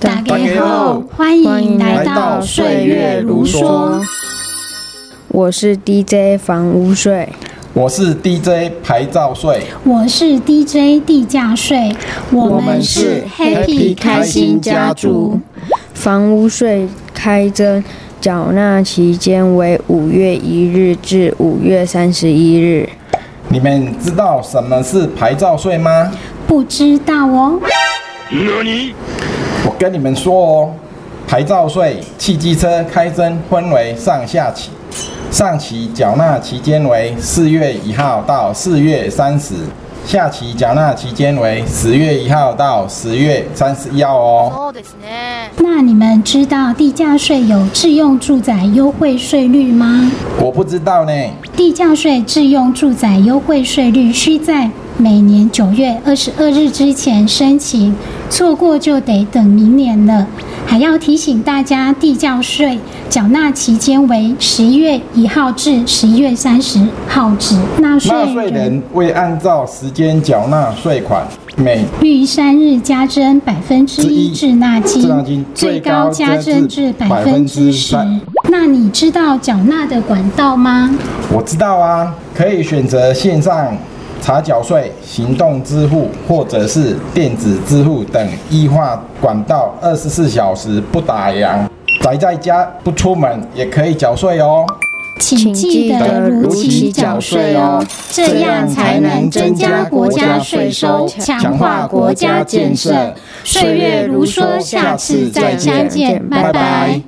大家好，歡迎來到歲月如梭。如梭，我是 DJ 房屋稅，我是 DJ 牌照稅，我是 DJ 地價稅。我們是 Happy，們是 happy 開心家族。房屋稅開徵繳納期間為五月一日至五月三十一日。你們知道什麼是牌照稅嗎？不知道哦。我跟你們說哦，牌照稅汽機車開徵分為上下期，上期繳納期間為四月一號到四月三十。下期繳納期間為十月一號到十月三十號哦。那你們知道地價稅有自用住宅優惠稅率嗎？我不知道呢。地價稅自用住宅優惠稅率需在每年九月二十二日之前申請，錯過就得等明年了。還要提醒大家，地價稅繳納期間為十一月一號至十一月三十號止。納稅人未按照時間繳納稅款，每逾三日加徵百分之一滯納金，滯納金最高加徵至百分之十。那你知道繳納的管道嗎？我知道啊，可以選擇線上。查繳稅行動支付或者是電子支付等 e 化管道，二十四小時不打烊，宅在家不出門也可以繳稅哦，請記得如期繳稅哦，這樣才能增加國家稅收，強化國家建設。歲月如梭，下次再見，再見拜拜。拜拜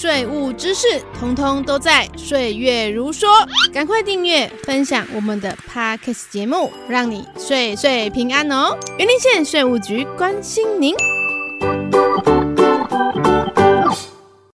稅務知識通通都在《歲月如梭》，趕快訂閱分享我們的 Podcast 節目，讓你歲歲平安哦！雲林縣稅務局關心您。